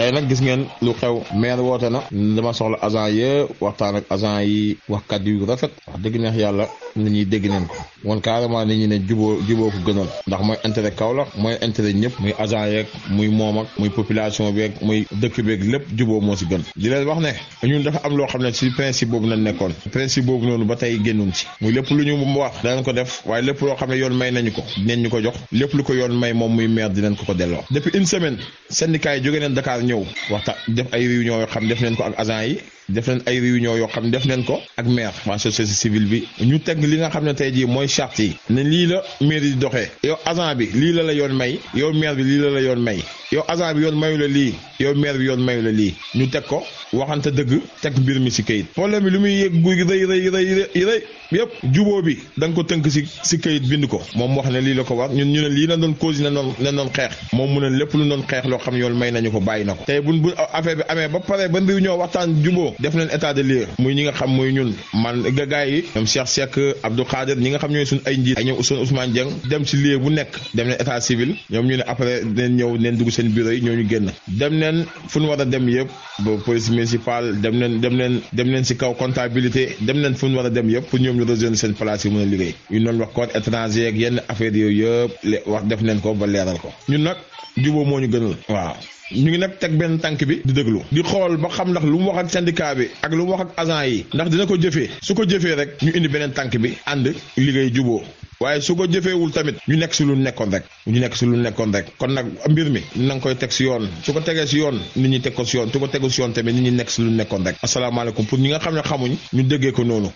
tey nag gis ngeen lu xew maire woote na dama soxla agent yëpp waxtaan ak agent yi waxkat yu rafet wax dëgg neex yàlla nit ñi dégg nañ ko woon carrément nit ñi ne juboo juboo ko gënal ndax mooy intérêt Kaolack mooy intérêt ñëpp muy agent yeeg muy moom ak muy population beeg muy dëkk beeg lépp juboo moo si gën di leen wax ne ñun dafa am loo xam ne si principe boobu nañ nekkoon principe boobu noonu ba tey génnun ci muy lépp lu ñu mu wax danañ ko def waaye lépp loo xam ne yoon may nañu ko dinañ ñu ko jox lépp lu ko yoon may moom muy maire dinañ ko ko delloo depuis une semaine syndicat yi jóge neen Dakar ñëw waxta def ay réunion xam def nañ ko ak agent yi def nañ ay réunion yoo xam ne def nañ ko ak meer waa société civile bi ñu teg li nga xam ne tey jii mooy charte yi ne lii la maire yi doxee yow agent bi lii la la yoon may yow meer bi lii la la yoon may yow agent bi yoon mayu la lii yow maire bi yoon mayu la ñu teg ko waxante dëgg teg mbir mi si kayit problème bi lu muy yëg guy rëy rëy rëy rëy yëpp bi da nga ko tënk si si kayit bind ko moom wax ne lii la ko war ñu ne lii na doon cause na doon na doon xeex moom mu ne lépp lu doon xeex loo xam yoon may nañu ko bàyyi na ko tey bu affaire bi amee ba pare ba réunion waxtaan juboo def leen état de lieu muy ñi nga xam muy ñun man gagaay yi ñoom Cheikh Seck Abdou Khader ñi nga xam ñooy suñ ay njiit ay ñoom Ousmane Ousmane Dieng dem si lieu bu nekk dem leen état civil ñoom ñu ne après neen ñëw neen dugg seen bureau yi ñoo ñu génn dem neen fu ñu war a dem yëpp ba police municipale dem leen dem leen dem leen si kaw comptabilité dem neen fu ñu war a dem yëpp pour ñoom ñu rejoindre seen place yi mën a liggéey ñu noonu wax code étranger ak yenn affaire yooyu yëpp wax def neen ko ba leeral ko ñun nag juboo moo ñu gënal waaw ñu ngi nag teg benn tànk bi di déglu di xool ba xam ndax lu mu wax ak syndicat bi ak lu mu wax ak agent yi ndax dina ko jëfee su ko jëfee rek ñu indi beneen tànk bi ànd liggéey juboo waaye su ko jëfeewul tamit ñu nekk si lu nekkoon rek ñu nekk si lu nekkoon rek kon nag mbir mi na nga koy teg si yoon su ko tegee si yoon nit ñi teg ko si yoon su ko tegu si yoon tamit nit ñi nekk si lu nekkoon rek asalaamaaleykum pour ñi nga xam ne xamuñ ñu déggee ko noonu